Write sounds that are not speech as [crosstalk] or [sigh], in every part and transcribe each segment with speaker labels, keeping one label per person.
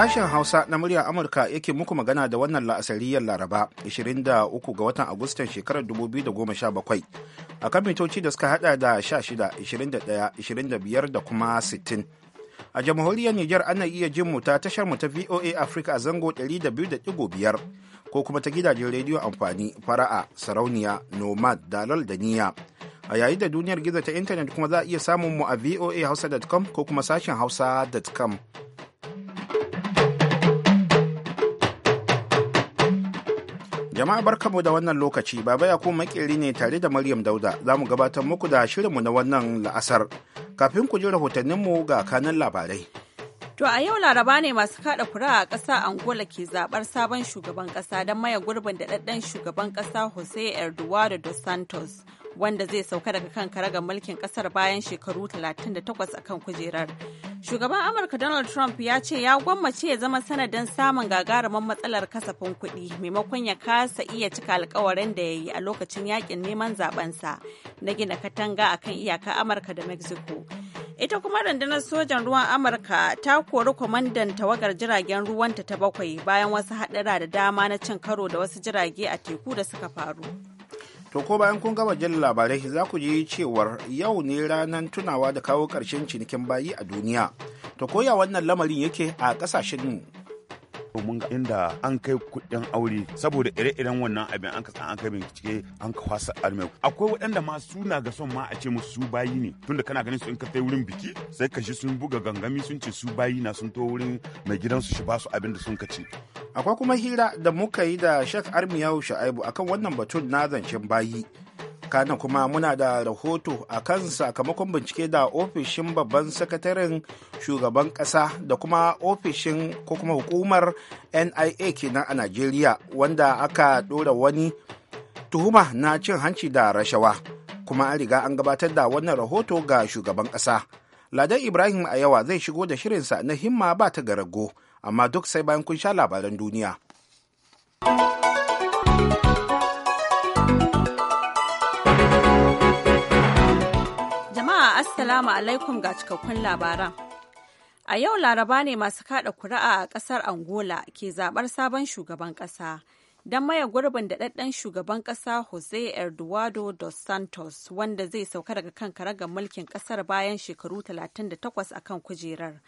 Speaker 1: Sashen Hausa na muryar Amurka yake muku magana da wannan la'asariyar Laraba 23 ga watan Agustan shekarar 2017 a kan mitoci da suka hada da 16, 21, 25 da kuma 60. A jamhuriyar Nijar ana iya jin mu ta tashar mu ta VOA Africa a zango 200.5 ko kuma ta gidajen rediyo amfani fara'a, sarauniya, nomad, dalal da niyya. A yayin da duniyar gizo ta intanet kuma za a iya samun mu a hausa.com ko kuma sashen hausa.com. Jama'a barkamu da wannan lokaci, Baba kuma makeri ne tare da Maryam Dauda za mu gabatar muku da mu na wannan la'asar. Kafin ku ji mu ga kanan labarai.
Speaker 2: To a yau laraba ne masu kada kura a ƙasa Angola ke zaɓar sabon shugaban ƙasa don maye gurbin da ɗaɗɗan shugaban ƙasa Jose Eduardo dos Santos wanda zai sauka daga kan karagar mulkin ƙasar bayan shekaru 38 kan kujerar. Shugaban Amurka Donald Trump ya ce ya gwammace ya zama sanadin samun gagarumin matsalar kasafin kuɗi maimakon ya kasa iya cika alkawarin da ya yi a lokacin yakin neman zabensa na gina katanga a kan iyakar Amurka da Mexico. ita kuma rundunar sojan ruwan amurka ta kori kwamandan tawagar jiragen ruwanta ta bakwai bayan wasu haɗura da dama na cin karo da wasu jirage a teku da suka faru
Speaker 1: To ko bayan kun gama jin labarai za ku ji cewar yau ne ranar tunawa da kawo ƙarshen cinikin bayi a duniya. To koya
Speaker 3: wannan lamarin yake a ƙasashen mu. mun ga inda an kai kuɗin aure saboda ire-iren wannan abin an kasa an kai bincike an ka kwasa arme akwai waɗanda ma suna ga son ma a ce musu su bayi ne tunda kana ganin su in ka kai wurin biki sai ka shi sun buga gangami sun ce su bayi na sun to wurin mai gidansu shi ba su abin da sun ka ci akwai kuma hira da muka yi
Speaker 1: da shek Armiyau Sha'aibu akan wannan batun na zancen bayi. Kana kuma muna da rahoto a kan sakamakon bincike da ofishin babban sakataren shugaban Kasa da kuma ofishin ko kuma hukumar NIA kenan a Najeriya wanda aka ɗora wani tuhuma na cin hanci da rashawa. Kuma an riga an gabatar da wannan rahoto ga shugaban Kasa. Ladan Ibrahim a yawa zai shigo da shirinsa na himma ba ta garago. amma duk sai bayan kun sha labaran duniya.
Speaker 2: Jama'a Assalamu alaikum ga cikakkun labaran. A yau laraba ne masu kada kuri'a a ƙasar Angola ke zaɓar sabon shugaban ƙasa Don maye gurbin da ɗaɗɗen shugaban ƙasa Jose Eduardo dos Santos wanda zai sauka daga kan karagar mulkin ƙasar bayan shekaru 38 a kan kujerar.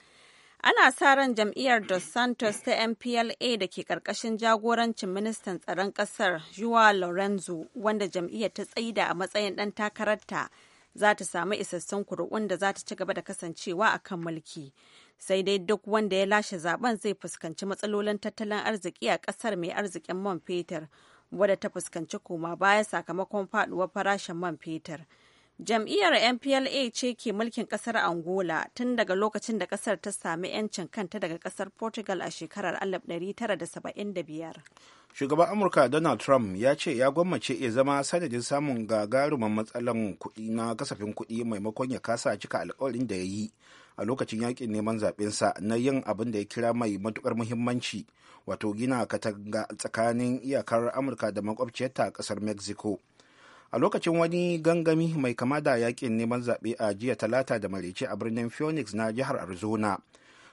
Speaker 2: ana sa ran jam'iyyar dos santos ta mpla da ke karkashin jagorancin ministan tsaron kasar juwa lorenzo wanda jam'iyyar ta tsaida a matsayin dan takararta za ta samu isassun kuri'un da za ta ci gaba da kasancewa a kan mulki sai dai duk wanda ya lashe zaben zai fuskanci matsalolin tattalin arziki a kasar mai arzikin man fetur wadda ta fuskanci koma baya sakamakon faduwar farashin man fetur. Jam'iyyar MPLA ce ke mulkin kasar Angola tun daga lokacin da kasar ta sami 'yancin kanta daga kasar Portugal a shekarar 1975.
Speaker 1: Shugaban Amurka Donald Trump ya ce ya gwammace ya zama sanadin samun gagarumin matsalan kuɗi na kasafin kuɗi maimakon ya kasa cika alkawarin da ya yi a lokacin yakin neman zaɓensa na yin abin da ya kira mai matukar muhimmanci wato gina katanga tsakanin iyakar Amurka da makwabciyarta a ƙasar Mexico. a lokacin wani gangami mai kama da yakin neman zaɓe a jiya talata da marece a birnin phoenix na jihar arizona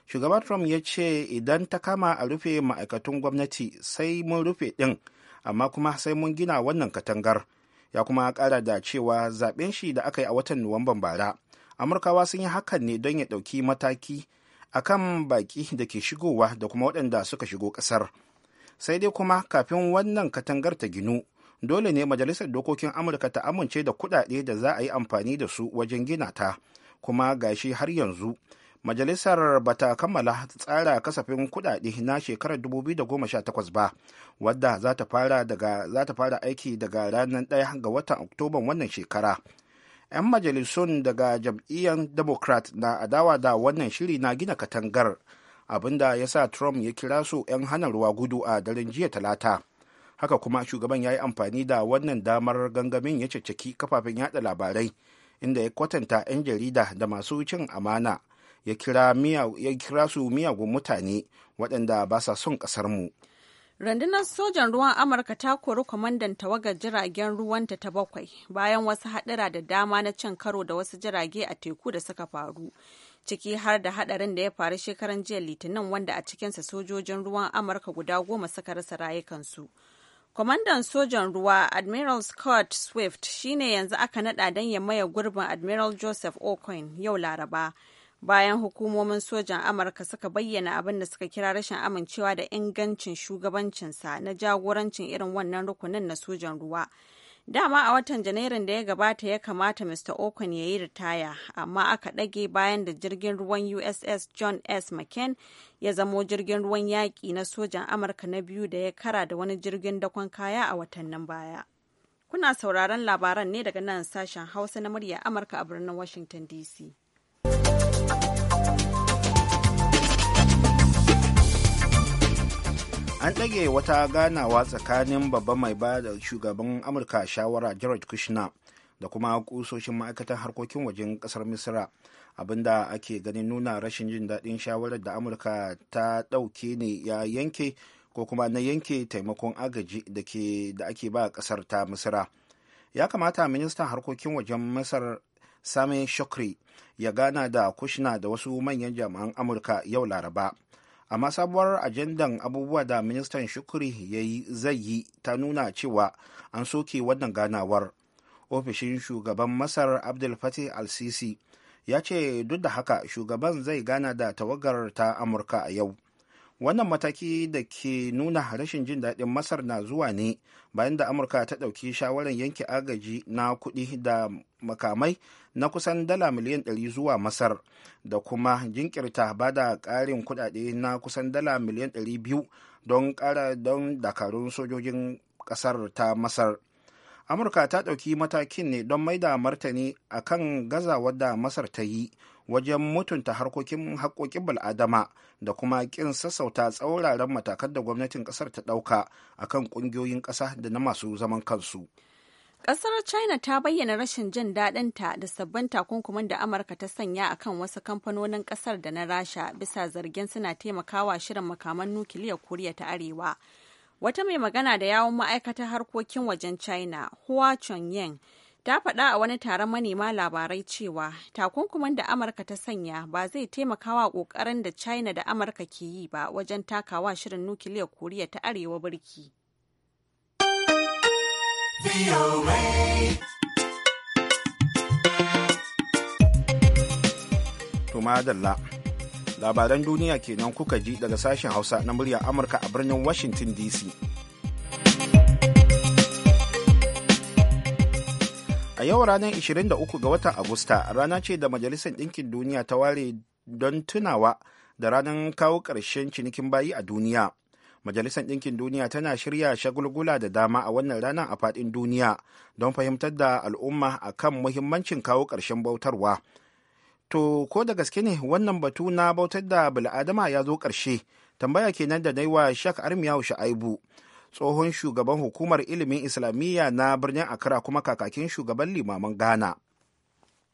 Speaker 1: shugaban trump ya ce idan ta kama a rufe ma'aikatun gwamnati sai mun rufe ɗin amma kuma sai mun gina wannan katangar ya kuma ƙara da cewa zaɓen shi da aka yi a watan nuwamban bara amurkawa sun yi hakan ne don ya ɗauki mataki a kan baƙi da ke shigowa da kuma waɗanda suka shigo ƙasar sai dai kuma kafin wannan katangar ta ginu dole ne majalisar dokokin amurka ta amince da kudade da za a yi amfani da su wajen gina ta kuma gashi har yanzu majalisar ba ta kammala tsara kasafin kudade na shekarar 2018 ba wadda za ta fara daga za fara aiki daga ranar 1 ga watan oktoban wannan shekara 'yan majalisun daga jam'iyyar democrat na adawa da wannan shiri na gina katangar abinda ya sa trump ya kira su 'yan hana ruwa gudu a daren jiya talata haka kuma shugaban ya yi amfani da wannan damar gangamin ya caccaki kafafen yada labarai inda ya kwatanta 'yan jarida da masu cin amana ya kira su miyagun mutane waɗanda ba sa son ƙasarmu.
Speaker 2: Rundunar sojan ruwan Amurka ta kori kwamandan tawagar jiragen ruwanta ta bakwai bayan wasu haɗura da dama na cin karo da wasu jirage a teku da suka faru. ciki har da hadarin da ya faru shekaran jiya litinin wanda a cikinsa sojojin ruwan amurka guda goma suka rasa rayukansu Kwamandan sojan ruwa Admiral Scott Swift shine yanzu aka naɗa don ya maye gurbin Admiral Joseph Okoin yau Laraba. Bayan hukumomin sojan Amurka suka bayyana abin da suka kira rashin amincewa da ingancin shugabancinsa na jagorancin irin wannan rukunin na sojan ruwa. Dama a watan Janairun da ya gabata ya kamata Mr. Okon ya yi ritaya, amma aka ɗage bayan da jirgin ruwan USS John S. McCain ya zamo jirgin ruwan yaƙi na sojan Amurka na biyu da ya kara da wani jirgin dakon kaya a watannin baya. Kuna sauraron labaran ne daga nan sashen Hausa na murya Amurka a birnin Washington DC.
Speaker 1: an ɗage wata ganawa tsakanin babban mai ba da shugaban amurka shawara jared kushner da kuma kusoshin ma'aikatan harkokin wajen ƙasar misira abinda ake ganin nuna rashin jin daɗin shawarar da amurka ta ɗauke ne ya yanke ko kuma na yanke taimakon agaji da ake ba ƙasar ta misira ya kamata ministan harkokin wajen masar sami shokri ya gana da kushna da wasu manyan jami'an amurka yau laraba amma sabuwar ajandan abubuwa da ministan shukuri ya zai yi ta nuna cewa an soke wannan ganawar ofishin shugaban masar abdul fatih al-sisi ya ce duk da haka shugaban zai gana da tawagar ta amurka a yau wannan mataki da ke nuna rashin jin daɗin masar na zuwa ne bayan da amurka ta ɗauki shawarar yanke agaji na kuɗi da makamai na kusan dala miliyan 100 zuwa masar da kuma jinkirta ba da ƙarin kuɗaɗe na kusan dala miliyan 200 don ƙara don dakarun sojojin ƙasar ta masar amurka ta ɗauki matakin ne don maida martani akan gazawar da masar ta yi wajen mutunta harkokin haƙoƙin bal'adama da kuma ƙin sassauta tsauraran matakan da gwamnatin ƙasar ta ɗauka a kan ƙungiyoyin ƙasa da na masu zaman kansu.
Speaker 2: Ƙasar China ta bayyana rashin jin daɗinta da sabbin takunkumin da Amurka ta sanya a kan wasu kamfanonin ƙasar da na Rasha bisa zargin suna taimakawa shirin makaman nukiliyar Koriya ta Arewa. Wata mai magana da yawon ma'aikatar harkokin wajen China, Hua Chongyang, ta faɗa a wani taron manema labarai cewa takunkuman da amurka ta sanya ba zai taimaka wa ƙoƙarin da china da amurka ke yi ba wajen takawa shirin nukiliyar koriya ta arewa birki
Speaker 1: labaran duniya kenan kuka ji daga sashen hausa na muryar amurka a birnin washington dc A yau ranar 23 ga watan Agusta rana ce da Majalisar Ɗinkin Duniya ta ware don tunawa da ranar kawo ƙarshen cinikin bayi a duniya. Majalisar Ɗinkin Duniya tana shirya shagulgula da dama a wannan rana a faɗin duniya don fahimtar da al'umma a kan muhimmancin kawo ƙarshen bautarwa. To, ko da gaske ne wannan batu na bautar da bil'adama ya zo ƙarshe, tambaya kenan da na yi wa Shak armiyahu Sha'aibu, tsohon shugaban hukumar ilimin islamiyya na birnin Accra kuma kakakin shugaban limaman Ghana.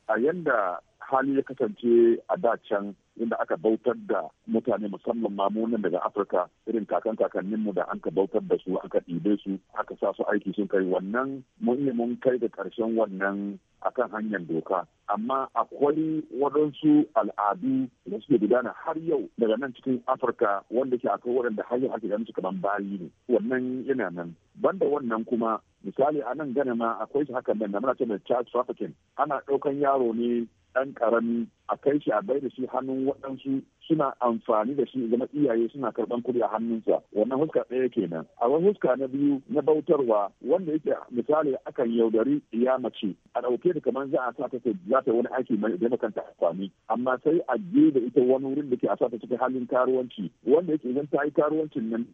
Speaker 4: A yadda hali ya kasance a da can inda aka bautar da mutane musamman mamunan daga afirka irin kakan kakanninmu da an ka bautar da su aka ɗibe su aka sa su aiki sun kai wannan mun yi mun kai da ƙarshen wannan akan hanyar doka amma akwai waɗansu al'adu da suke gudana har yau daga nan cikin afirka wanda ke akwai waɗanda har yau ake ganin su kamar bayi ne wannan yana nan banda wannan kuma misali a nan gane ma akwai su hakan nan da muna ce mai child trafficking ana ɗaukan yaro ne ɗan ƙarami a kai shi a bai da shi hannun waɗansu suna amfani da shi zama iyaye suna karɓan kuɗi a hannunsa wannan huska ɗaya kenan a wani huska na biyu na bautarwa wanda yake misali akan yaudari ya mace a ɗauke da kamar za a sa ta za ta wani aiki mai da makanta amfani amma sai a je da ita wani wurin da ke a sa ta cikin halin karuwanci wanda yake idan ta yi karuwancin nan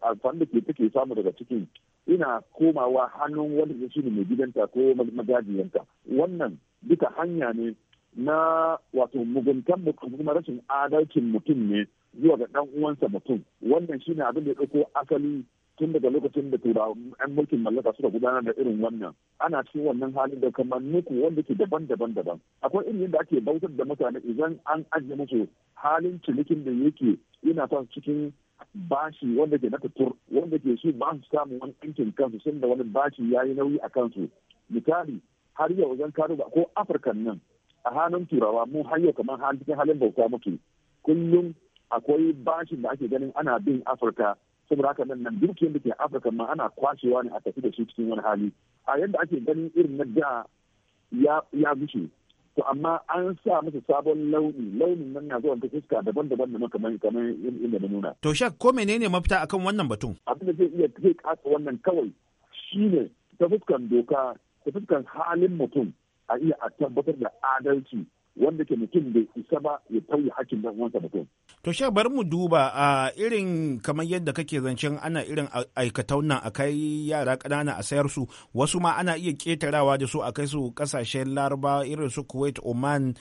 Speaker 4: amfani da ke take samu daga cikin ina komawa hannun wanda ya shi ne mai gidanta ko magajiyanta wannan duka hanya ne na wato muguntan mutum kuma rashin adalcin mutum ne zuwa ga ɗan uwansa mutum wannan shine abin da ya ɗauko asali tun daga lokacin da turawa 'yan mulkin mallaka suka gudanar da irin wannan ana cikin wannan halin da kamar nuku wanda ke daban daban daban akwai irin yadda ake bautar da mutane idan an ajiye musu halin cinikin da yake yana son cikin bashi wanda ke na fitur wanda ke su ba su samu wani ɗinkin kansu sun da wani bashi ya yi nauyi a kansu misali har yau wajen ba ko afirkan nan a hannun turawa mu har yau kamar halin cikin halin bauta muke kullum akwai bashin da ake ganin ana bin afirka saboda haka nan nan dukiyar da ke afirka ma ana kwashewa ne a tafi da shi cikin wani hali a yadda ake ganin irin na da ya gushe to amma an sa musu sabon launi launin nan na zuwa ta fuska daban-daban da kamar kamar inda na nuna to shak ko menene mafita
Speaker 1: akan wannan batun
Speaker 4: abin da zai iya zai kasa wannan kawai shine ta fuskan doka ta fuskan halin mutum a iya a tabbatar da adalci wanda ke mutum bai isa ba ya tauye hakkin dan uwansa mutum.
Speaker 1: To sha bari mu duba a irin kamar yadda kake zancen ana irin aikatau nan a kai yara ƙanana a sayar su wasu ma ana iya ketarawa da su a kai su kasashen laraba irin su Kuwait, Oman,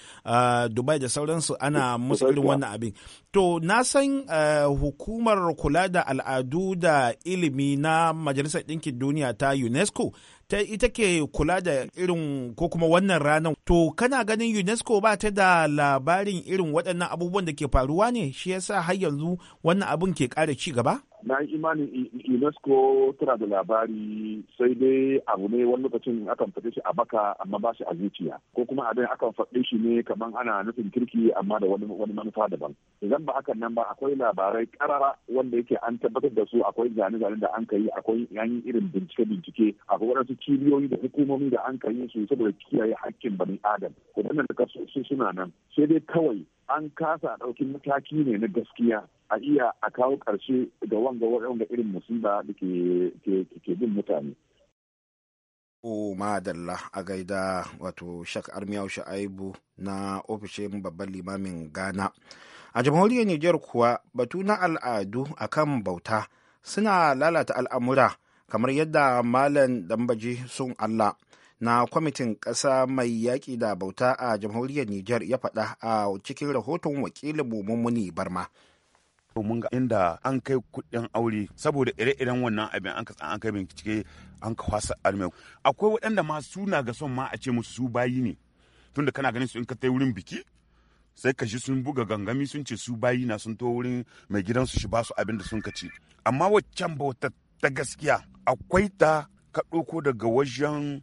Speaker 1: Dubai da sauransu ana musu irin wannan abin. To na san hukumar kula da al'adu da ilimi na Majalisar Ɗinkin Duniya ta UNESCO ta ita ke kula da irin ko kuma wannan ranar to kana ganin unesco ba ta da labarin irin waɗannan abubuwan da ke faruwa ne shi yasa har yanzu wannan abin ke ƙara ci gaba
Speaker 4: na yi imanin unesco tana da labari sai dai abu ne wani lokacin akan faɗe shi a baka amma ba shi a zuciya ko kuma abin akan faɗe shi ne kamar ana nufin kirki amma da wani manufa daban idan ba hakan nan ba akwai labarai karara wanda yake an tabbatar da su akwai zane-zane da an kai akwai yayin irin bincike-bincike akwai waɗansu cibiyoyi da hukumomi da an kai su saboda kiyaye hakkin bani adam waɗannan da suna nan sai dai kawai an kasa ɗauki mataki ne na gaskiya a iya a kawo ƙarshe ga wanga wanga irin musulma da ke bin mutane. O madalla a gaida wato
Speaker 1: Shak armiyar Sha'aibu na ofishin babban limamin Ghana. A jamhuriyar Nijar kuwa batu na al'adu a kan bauta suna lalata al'amura kamar yadda Malam Dambaji sun Allah na kwamitin ƙasa mai yaƙi da bauta a jamhuriyar Nijar ya faɗa a cikin rahoton wakilin mummuni barma.
Speaker 3: inda an kai kuɗin aure saboda ire-iren wannan abin an katsa an kai bincike an ka kwasa almai akwai waɗanda ma suna ga son ma a ce musu su bayi ne tunda kana ganin su in ka tai wurin biki sai ka shi sun buga gangami sun ce su bayi na sun to wurin mai gidansu shi ba su abin da sun ka ci amma waccan bauta ta gaskiya akwai ta ka ɗauko daga wajen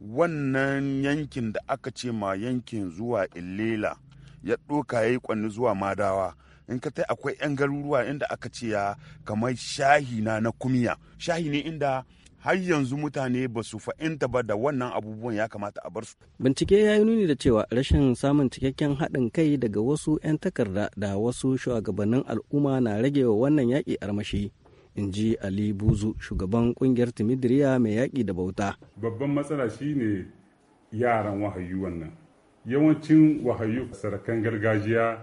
Speaker 3: wannan yankin da aka ce ma yankin zuwa illela ya ɗoka ya yi kwanni zuwa madawa in ka tai akwai 'yan garuruwa inda aka ce ya kamar shahi na na kumiya shahi ne inda har yanzu mutane ba su fa'inta ba da wannan abubuwan ya kamata a bar su. Bincike
Speaker 5: ya yi nuni da cewa rashin samun cikakken haɗin kai daga wasu 'yan takarda da wasu shugabannin al'umma na rage wa wannan yaƙi armashi. in ji ali buzu shugaban
Speaker 6: kungiyar timidiriya mai yaƙi da bauta babban matsala shine yaran wahayu wannan yawancin wahayu sarakan gargajiya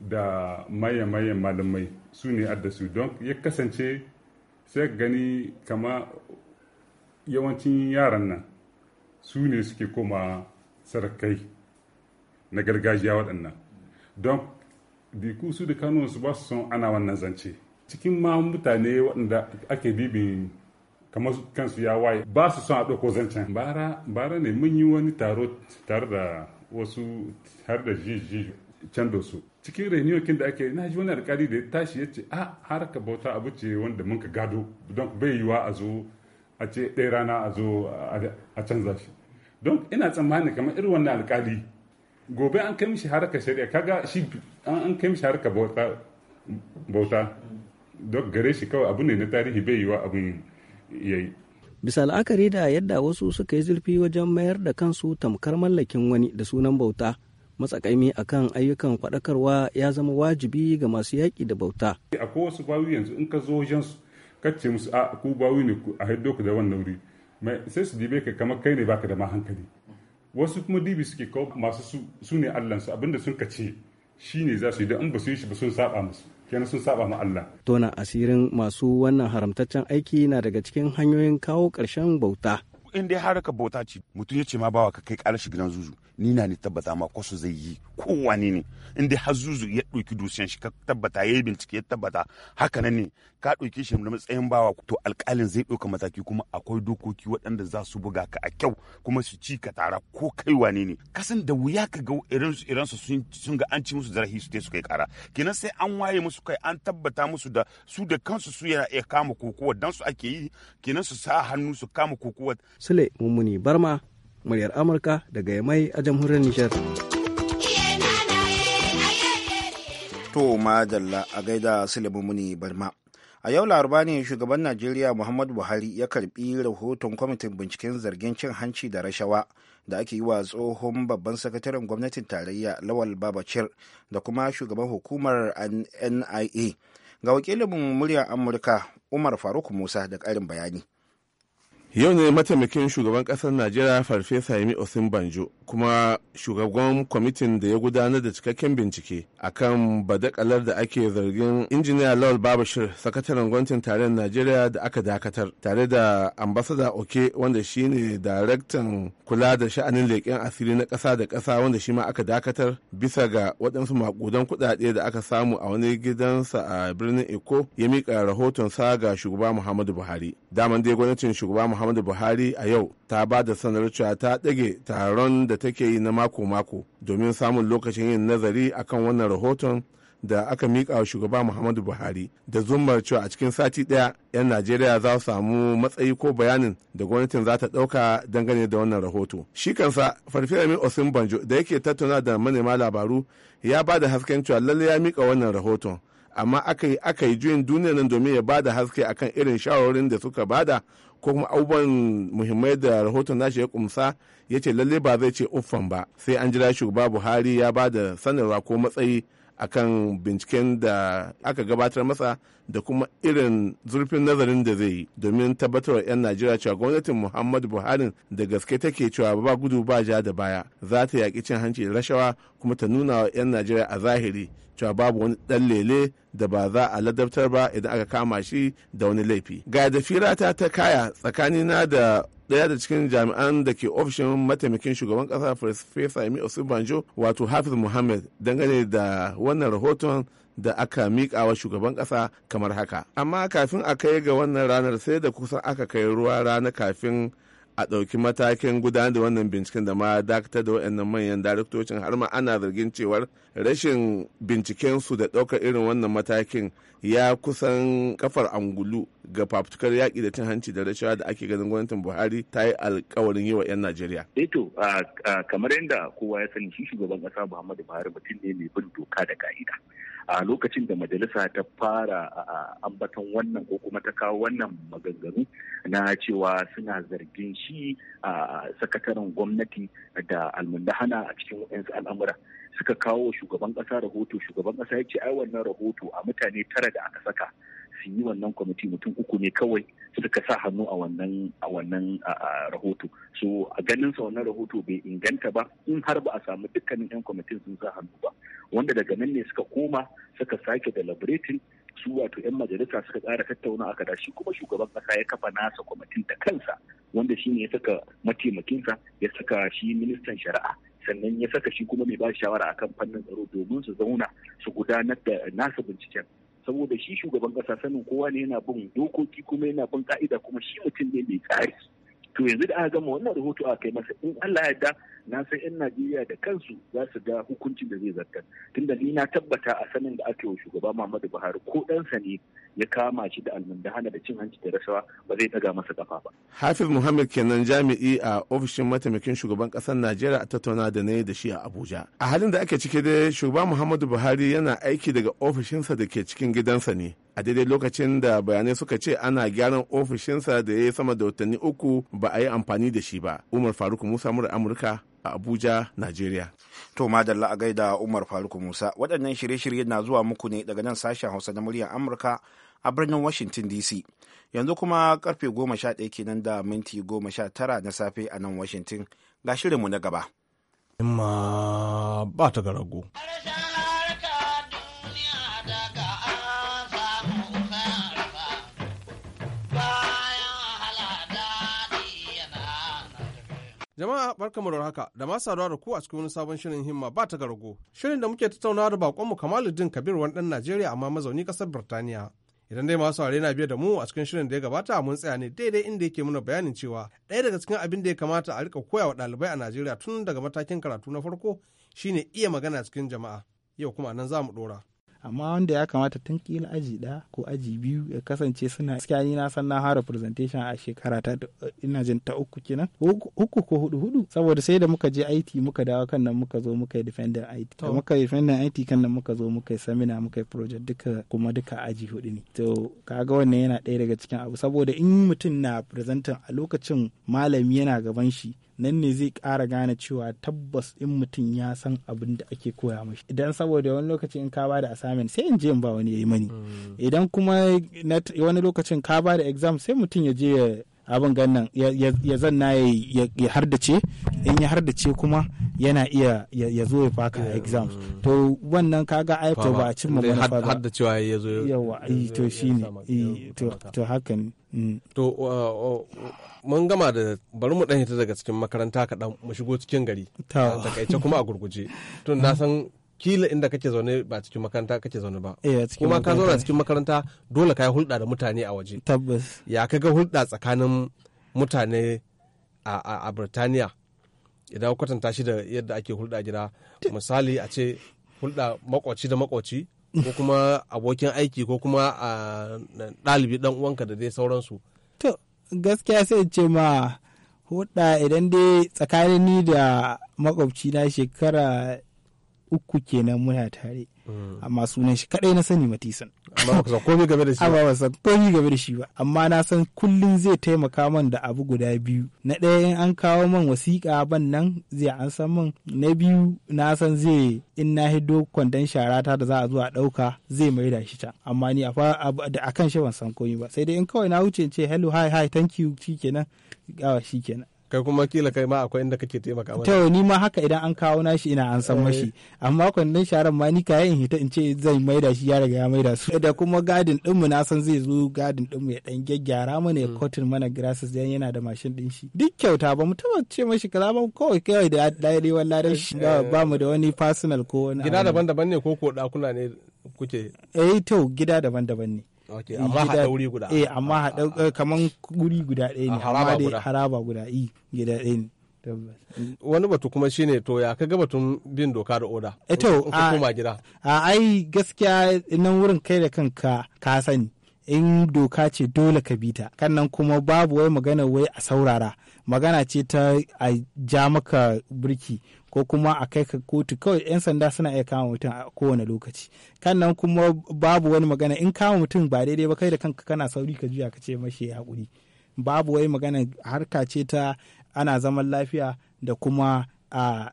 Speaker 6: da maye-maye malamai su ne su don ya kasance sai gani kama yawancin yaran nan su ne suke koma sarakai na gargajiya waɗannan don diku su da kanuwansu ba su son ana wannan zance cikin ma mutane waɗanda ake bibin kamar kansu ya waye ba su son a ɗauko zancen bara bara ne mun yi wani taro tare da wasu har da jiji can da su cikin reniyokin da ake na ji wani alkali da ya tashi ya ce a haraka bauta abu ce wanda mun ka gado don bai yiwa a zo a ce ɗaya rana a zo a canza shi don ina tsammani kamar irin wannan alkali gobe an kai mishi haraka shari'a kaga shi an kai mishi haraka bauta don gare shi kawai abu ne na tarihi bai yi wa abin yayi
Speaker 5: bisa la'akari da yadda wasu suka yi zurfi wajen mayar da kansu tamkar mallakin wani da sunan bauta matsakaimi akan ayyukan faɗakarwa ya zama wajibi ga masu
Speaker 6: yaƙi da bauta ko wasu bawi yanzu in ka zo wajen su kacce musu a ku bawi ne a haiddo ku da wannan wuri sai su dibe ka kamar kai ne baka da ma hankali wasu kuma dibi suke kawo masu su ne allansu abinda sun ka ce shi ne za su yi da in ba su yi shi ba sun saba musu kenan sun saba ma Allah
Speaker 3: tona asirin masu wannan haramtaccen aiki na daga cikin hanyoyin kawo ƙarshen bauta in dai haraka bauta ce mutum ya ce ma bawa ka kai ƙarar shi gidan zuzu ni na ni tabbata ma kwaso zai yi kowane ne inda hazuzu ya ɗauki dusiyan shi ka tabbata ya yi bincike ya tabbata haka ne ka ɗauki shi da matsayin bawa to alƙalin zai ɗauka mataki kuma akwai dokoki waɗanda za su buga ka a kyau kuma su ci ka tara ko kai wane ne kasan da wuya ka ga irin su sun ga an ci musu zarafi su su kai kara kenan sai an waye musu kai an tabbata musu da su da kansu su yana iya kama kokowa dan su ake yi kenan su sa hannu su kama kokowa
Speaker 5: sule mummuni barma muryar amurka daga yamai a
Speaker 7: jamhuriyar nijar
Speaker 5: to madalla
Speaker 1: a gaida muni barma a yau laraba ne shugaban najeriya muhammadu buhari ya karbi rahoton kwamitin binciken zargin cin hanci da rashawa da ake yi wa tsohon babban sakataren gwamnatin tarayya lawal babacir da kuma shugaban hukumar nia ga wakilin muryar amurka umar faruk musa da ƙarin bayani
Speaker 8: yau ne mataimakin shugaban kasar najeriya farfesa yemi osimbanjo kuma shugaban kwamitin da ya gudanar da cikakken bincike a akan badakalar da ake zargin injiniya lawal babashir sakataren gwamnatin tarayyar najeriya da aka dakatar tare da ambasada oke wanda shine daraktan kula da sha'anin leƙen asiri na ƙasa da ƙasa wanda shi ma aka dakatar bisa ga waɗansu maƙudan kuɗaɗe da aka samu a wani gidansa a birnin eko ya miƙa sa ga shugaba muhammadu buhari daman dai gwamnatin shugaba muhammadu buhari a yau ta ba da sanar ta ɗage taron da da take yi na mako-mako domin samun lokacin yin nazari akan wannan rahoton da aka miƙa wa shugaba muhammadu buhari da zummar cewa a cikin sati ɗaya 'yan najeriya za su samu matsayi ko bayanin da gwamnatin za ta ɗauka dangane da wannan rahoto shi kansa farfiramin osin banjo da yake tattauna da manema labaru ya ba da hasken cewa lallai ya miƙa wannan rahoton amma aka yi juyin duniya nan domin ya ba da haske akan irin shawarorin da suka bada ko kuma abubuwan muhimmai da rahoton nashi ya kumsa ya ce lalle ba zai ce uffan ba sai an jira shugaba buhari ya ba da sanarwa ko matsayi akan binciken da aka gabatar masa da kuma irin zurfin nazarin da zai yi domin tabbatar 'yan najeriya cewa gwamnatin muhammadu buhari da gaske take cewa ba gudu ba ja da baya za ta yaƙi cin hanci da rashawa kuma ta nuna wa 'yan najeriya a zahiri cewa babu wani ɗan lele da ba za a ladabtar ba idan aka kama shi da wani laifi ga da firata ta kaya tsakanina da daya da cikin jami'an da ke ofishin mataimakin shugaban kasa farfesa emi osinbanjo wato hafiz muhammad dangane da wannan rahoton da aka miƙa wa shugaban ƙasa kamar haka amma kafin a kai ga wannan ranar sai da kusan aka kai ruwa rana kafin a ɗauki matakin gudanar da wannan binciken da ma dakatar da waɗannan manyan daraktocin har ma ana zargin cewar rashin binciken su da ɗaukar irin wannan matakin ya kusan kafar angulu ga fafutukar yaƙi da cin hanci da rashawa da ake ganin gwamnatin buhari ta yi alkawarin yi wa 'yan najeriya.
Speaker 9: eto eh kamar yadda kowa ya sani shi shugaban ƙasa muhammadu buhari mutum ne mai bin doka da ka'ida a lokacin da majalisa ta fara ambaton wannan ko kuma ta kawo wannan maganganu na cewa suna zargin shi a sakataren gwamnati da almundahana a cikin waɗansu al'amura suka kawo shugaban ƙasa rahoto shugaban ƙasa ya ce ai wannan rahoto a mutane tara da aka saka sun yi wannan kwamiti mutum uku ne kawai suka sa hannu a wannan a wannan rahoto so a ganin sa wannan rahoto bai inganta ba in har ba a samu dukkanin yan kwamitin sun sa hannu ba wanda daga nan ne suka koma suka sake da deliberating su wato 'yan majalisa suka tsara tattauna aka da shi kuma shugaban kasa ya kafa nasa kwamitin da kansa wanda shi ne ya saka mataimakinsa ya saka shi ministan shari'a sannan ya saka shi kuma mai ba shawara akan fannin tsaro domin su zauna su gudanar da nasa binciken saboda shi shugaban kasa sanin kowa ne yana bin dokoki kuma yana bin ka'ida kuma shi mutum ne mai tsari to yanzu da aka gama wannan rahoto a kai masa in Allah ya yarda na san yan Najeriya da kansu za su ga hukuncin da zai zartar tunda ni na tabbata a sanin da ake wa shugaba Muhammadu Buhari ko dansa ne ya kama shi da almundahana da cin hanci da rashawa ba zai daga masa kafa ba.
Speaker 8: Hafiz Muhammad kenan jami'i a ofishin mataimakin shugaban kasar Najeriya a tattauna da na da shi a Abuja. A halin da ake ciki dai shugaba Muhammadu Buhari yana aiki daga ofishinsa da ke cikin gidansa ne. a daidai lokacin da bayanai suka ce ana gyaran ofishinsa da ya yi sama da watanni uku ba a yi amfani da shi ba umar faruk musa mura amurka a abuja najeriya to madalla a gaida umar faruk musa waɗannan shirye-shirye na zuwa muku ne daga nan
Speaker 1: sashen hausa na muryar amurka a birnin Washington DC. Yanzu kuma karfe 11 kenan da minti 19 na safe a nan Washington ga shirinmu na gaba.
Speaker 7: Ima ba ta garago. Jama'a barkamu da haka da masu saduwa da ku a cikin wani sabon shirin himma ba ta garago. Shirin da muke tattaunawa da bakonmu Kamaluddin Kabir wani ɗan Najeriya amma mazauni ƙasar Birtaniya idan dai masu saurare na biyar da mu a cikin shirin da ya gabata mun tsaya ne daidai inda yake muna bayanin cewa ɗaya daga cikin abin da ya kamata a rika koya wa ɗalibai a najeriya tun daga matakin karatu na farko shine iya magana cikin jama'a yau kuma nan za mu ɗora.
Speaker 5: amma wanda ya kamata tun kila aji ɗaya ko aji biyu ya kasance suna gaskiya ni na san na fara presentation a shekara ta ina jin ta uku kenan uku ko hudu hudu saboda sai da muka je IT muka dawo kan nan muka zo muka yi defender IT to muka yi defender IT kan nan muka zo muka yi seminar muka yi project duka kuma duka aji hudu ne to kaga wannan yana ɗaya daga cikin abu saboda in mutum na presenting a lokacin malami yana gaban shi nan ne zai ƙara gane cewa tabbas in mutum ya san abin da ake koya mashi idan saboda wani lokaci in ka ba da assignment sai in je in ba wani ya yi mani mm. idan kuma wani lokacin ka ba da exam sai mutum ya je ya. abin ganin ya zanna ya hardace in ya hardace kuma yana iya ya zo ya faka exam mm. to wannan kaga ai to ba a cimma manufa ba hardacewa
Speaker 7: ya zo yawa eh, to shine
Speaker 5: eh, to ne mm.
Speaker 7: to uh, uh, mun gama da bari mu dan daga cikin makaranta ka dan mu shigo cikin gari ta takaice kuma a gurguje [laughs] to na san kila inda kake zaune ba cikin makaranta kake zaune ba eh, kuma ka zauna cikin makaranta dole ka yi hulɗa da mutane a waje tabbas ya ka ga hulɗa tsakanin mutane a Birtaniya idan kwatanta shi da yadda ake hulɗa gida misali a ce hulɗa makwaci da makwaci ko kuma abokin aiki ko kuma a ɗalibi ɗan uwanka da dai sauransu
Speaker 5: to gaskiya sai ce ma hulɗa idan dai tsakanin ni da makwabci na shekara uku kenan muna tare hmm. amma sunan shi kadai na sani matisan amma ba [laughs] san komai game da shi ba amma na san kullun zai taimaka man da abu guda biyu na ɗaya in an kawo man wasiƙa ban nan zai an san man na biyu na san zai in na hiddo kwandon shara ta da za a zo a ɗauka zai mai da shi can amma ni a akan shi ban san komai ba sai dai in kawai na wuce in ce hello hi hi thank you shikenan gawa shikenan
Speaker 7: kai kuma kila kai ma akwai inda kake taimaka masa to
Speaker 5: ni ma haka idan an kawo nashi ina an san mashi eh. amma kwandon sharan ma ni kai in hita in ce zai maida shi ya riga ya maida su da kuma gadin din mu na san zai zo gadin din mu ya dan gyaggyara mana ya hmm. cotton mana grasses
Speaker 7: dan yana da mashin din shi
Speaker 5: duk kyauta ba mu taba ce mashi kaza ba kawai kawai da dai wallahi shi ba mu da wani personal ko wani gida daban-daban
Speaker 7: ne ko ko dakuna ne kuke
Speaker 5: eh to gida daban-daban ne amma hada wuri guda. Eh, eh, kaman guri guda ɗaya ne. Haraba guda. Haraba guda, i
Speaker 7: gida ɗaya ne. Wani batu kuma shine to ya ka batun bin doka da oda. E to, a gida.
Speaker 5: A ai gaskiya nan wurin kai da kanka ka sani. In doka ce dole ka bi ta, kan nan kuma babu wai magana wai a saurara. magana ce ta a ja maka birki ko kuma a kai ka kotu kawai 'yan sanda suna iya kama mutum a kowane lokaci kan nan kuma babu wani magana in kama mutum ba daidai ba kai da kanka kana sauri ka juya ka ce mashi ya hakuri babu wai magana harka ce ta ana zaman lafiya da kuma a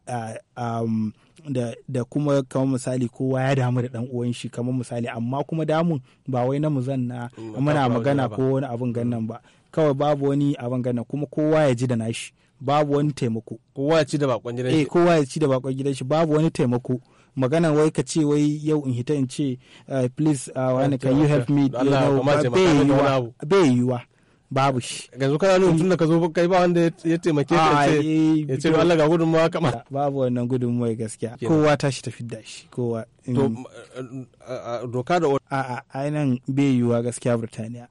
Speaker 5: da, da kuma kamar misali kowa ya damu da dan uwan shi kamar misali amma kuma damun ba wai na muzan na mm, muna magana ko wani abin mm. gannan ba kawai babu wani abin gannan kuma kowa ya ji da nashi babu wani taimako
Speaker 7: kowa ya ci da bakon gidan shi eh, kowa
Speaker 5: ya ci da bakon gidan shi babu wani taimako magana wai ka ce wai yau in hita in ce eh, please
Speaker 7: uh, wani can you help me bai babu shi yanzu kana nuna tun da ka zo kai ba wanda ya taimake ka ya ce Allah ga gudunmawa kama [laughs]
Speaker 5: babu wannan gudunmawa gaskiya kowa tashi tafi da shi kowa eh, doka da a a nan bai yiwuwa gaskiya Burtaniya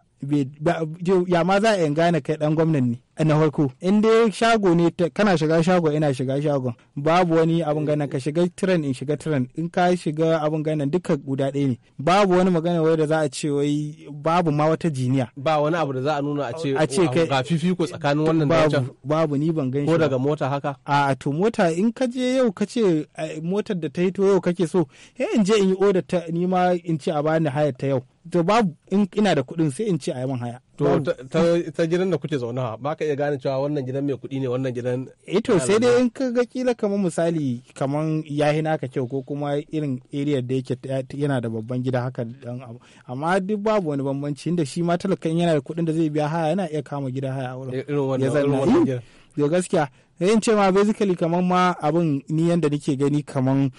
Speaker 5: ya ma za a gane kai dan gwamnan ne Eh, na farko in dai shago ne kana shiga shago ina shiga shago babu wani abun ganin ka shiga tren in shiga tren in ka shiga abun ganin duka guda ɗaya ne babu wani magana wai da za a ce wai babu ma wata jiniya
Speaker 7: ba wani abu da za a nuna a ce a ce ga fifiko tsakanin wannan da babu
Speaker 5: babu ni ban gan ko daga mota haka a to mota in ka je yau ka ce eh, motar da ta hito yau kake so he in je in yi order ta ni ma in ce a bani hayar ta yau to babu in ina da kuɗin sai in ce a yi min haya To
Speaker 7: ta gidan da kuke zaune ba ka iya gane cewa wannan gidan mai kuɗi ne wannan gidan. Ito eh sai dai
Speaker 5: in ka ga kila kamar misali kamar yahi naka kyau ko kuma irin area da yake yana da babban gida haka dan abu amma duk babu wani bambanci inda shi ma talakan yana da kuɗin da zai biya haya yana iya kama gida haya a wurin.
Speaker 7: Irin wannan gidan.
Speaker 5: gaskiya yayin ce ma basically kamar ma abin ni yanda nake gani kamar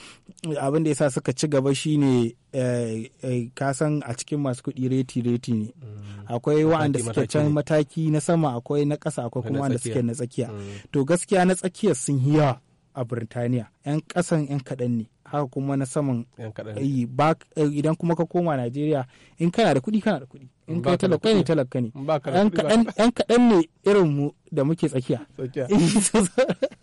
Speaker 5: eh, abin da yasa suka ci gaba shine eh, eh, ka san a cikin masu kuɗi reti reti ne mm. akwai wa'anda suke can mataki na sama akwai na ƙasa akwai kuma wa'anda suke na tsakiya mm. to gaskiya na tsakiyar sun yawa a Birtaniya 'yan ƙasan 'yan kaɗan ne haka kuma na saman idan kuma ka koma Najeriya in kana da kuɗi kana da kuɗi
Speaker 7: in kai talaka ne talaka
Speaker 5: ne yan kaɗan ne irin mu da muke tsakiya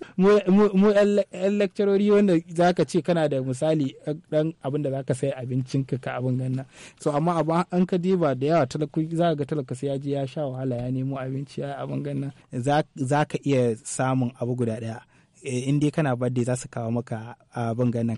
Speaker 5: [laughs] mu yan lakcarori wanda za ka ce kana da misali ɗan abin da za ka sai abincin ka abin ganna so amma abu an ka diba da yawa talaka za ga talaka sai ya je ya sha wahala ya nemo abinci ya abin ganna za ka iya samun abu guda ɗaya eh, in dai kana birthday za su kawo maka abin ganin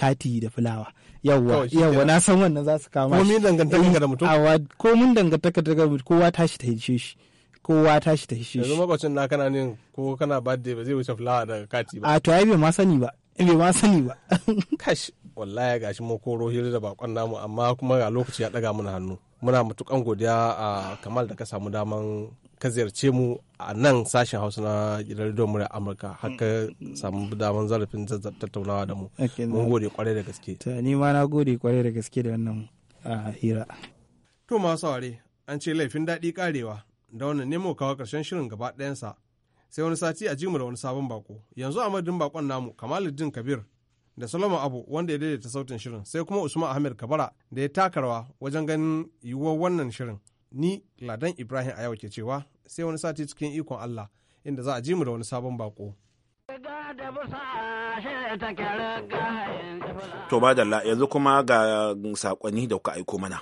Speaker 5: kati da fulawa yawwa yawwa na san wannan za su kama komin dangantaka da eh, mutum awa komin dangantaka da mutum kowa tashi ta hice shi kowa tashi
Speaker 7: ta hice shi yanzu makwacin na kana ne ko kana birthday ba zai wuce fulawa daga kati ba a to ai bai ma sani ba eh, bai ma sani ba [laughs] kash wallahi gashi mu koro hira da bakon namu amma kuma ga lokaci ya daga mana hannu muna mutukan godiya a ah, kamal da ka samu daman ka ziyarce mu a nan sashen hausa na gidan murya amurka haka samu daman zarafin tattaunawa da mu mun gode kwarai da
Speaker 5: gaske ta ni ma na gode kwarai da gaske da wannan hira
Speaker 7: to masu saurare an ce laifin daɗi karewa da wannan nemo kawo ƙarshen shirin gaba ɗayansa sai wani sati a jimu da wani sabon bako yanzu a madadin bakon namu kamaluddin kabir da solomon abu wanda ya daidaita sautin shirin sai kuma usman ahmed kabara da ya taka rawa wajen ganin yiwuwar wannan shirin ni Ladan Ibrahim a yau ke cewa sai wani sati cikin ikon Allah inda za a ji mu da wani sabon bako.
Speaker 1: To madalla yanzu kuma ga sakonni da kuka aiko mana.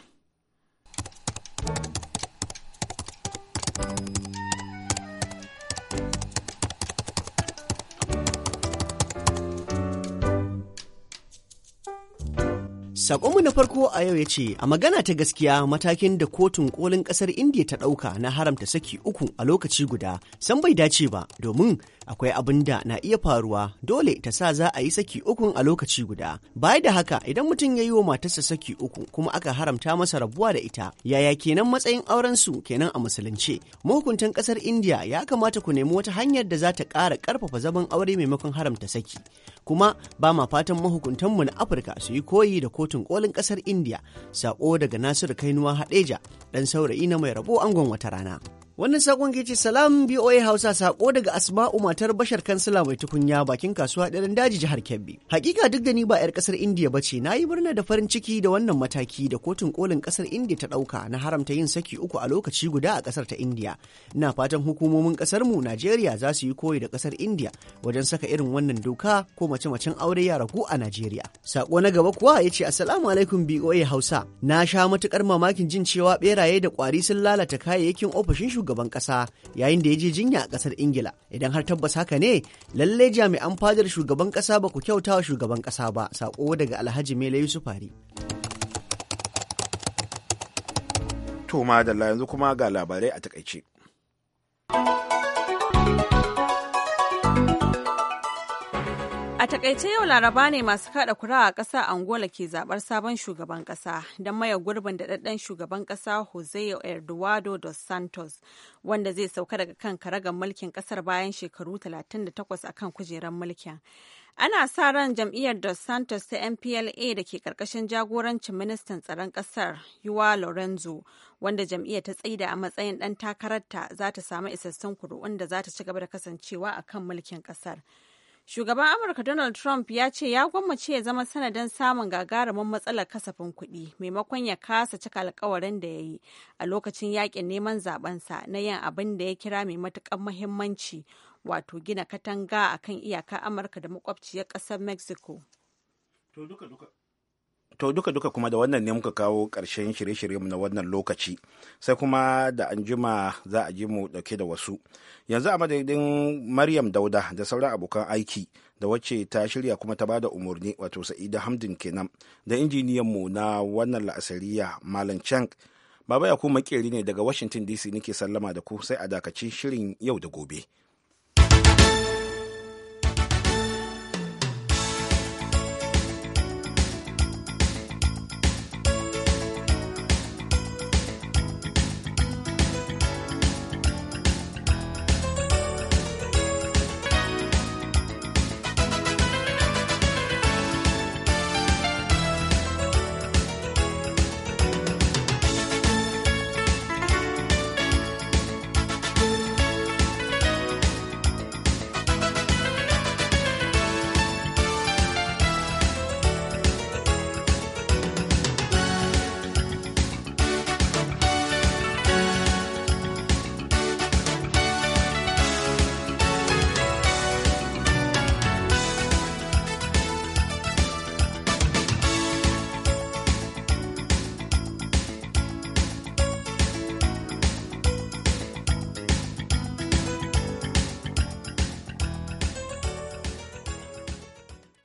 Speaker 10: Sakonmu na farko a yau ya ce, a magana ta gaskiya matakin da kotun kolin kasar Indiya ta ɗauka na haramta saki uku a lokaci guda, san bai dace ba, domin akwai abin da na iya faruwa dole ta sa za a yi saki ukun a lokaci guda baya da haka idan mutum ya yi wa matarsa saki uku kuma aka haramta masa rabuwa da ita yaya kenan matsayin auren su kenan a musulunce mahukuntan kasar india ya kamata ku nemi wata hanyar da za ta ƙara ƙarfafa zaman aure maimakon haramta saki kuma ba ma fatan mahukuntanmu na afirka su yi koyi da kotun kolin kasar india sako daga nasiru kainuwa hadeja dan saurayi na mai rabo angon wata rana Wannan sakon ke ce salam BOA Hausa sako daga Asma'u matar bashar kansila mai tukunya bakin kasuwa ɗarin daji jihar Kebbi. Hakika duk da ni ba 'yar kasar India ba ce, na yi murna da farin ciki da wannan mataki da kotun kolin kasar Indiya ta ɗauka na haramta yin saki uku a lokaci guda a kasar ta Indiya. na fatan hukumomin kasar mu Najeriya za su yi koyi da kasar Indiya wajen saka irin wannan doka ko mace-macen aure ya ragu a Najeriya. Sako na gaba kuwa ya ce Assalamu alaikum BOA Hausa. Na sha matukar mamakin jin cewa beraye da kwari sun lalata kayayyakin ofishin shugaban ƙasa yayin da ya je jinya a kasar Ingila. Idan har tabbas haka ne, lallai jami'an fadar shugaban kasa ba ku kyauta wa shugaban kasa ba, saƙo daga Alhaji Mele Yusuf Fari.
Speaker 1: To madalla yanzu kuma ga labarai a takaice.
Speaker 2: A takaice yau laraba ne masu kada kura a ƙasa Angola ke zaɓar sabon shugaban ƙasa don maye gurbin daɗaɗɗen shugaban ƙasa Jose Eduardo dos Santos wanda zai sauka daga kan karagar mulkin ƙasar bayan shekaru 38 a kan kujerar mulkin. Ana sa ran jam'iyyar dos Santos ta MPLA da ke ƙarƙashin jagorancin ministan tsaron ƙasar Yuwa Lorenzo wanda jam'iyyar ta tsaida a matsayin ɗan takararta za ta samu isassun kuri'un da za ta ci gaba da kasancewa a kan mulkin ƙasar. Shugaban Amurka Donald Trump ya ce ya gwammace ya zama sanadin samun gagarumin matsalar kasafin kuɗi maimakon ya kasa cika alkawarin da ya yi a lokacin yakin neman zabensa na yin abin da ya kira mai matukan muhimmanci wato gina katanga a kan iyakar Amurka da makwabciyar ƙasar Mexico. To duka duka
Speaker 1: to duka duka kuma da wannan ne muka kawo ƙarshen shirye-shirye mu na wannan lokaci sai kuma da anjima za a ji mu dauke da wasu yanzu a madadin maryam dauda da sauran abokan aiki da wacce ta shirya kuma ta bada umarni wato sa'ida hamdin kenan da injiniyan mu na wannan la'asariya malam chang baba ya ku makeri ne daga washington dc nake sallama da ku sai a dakaci shirin yau da gobe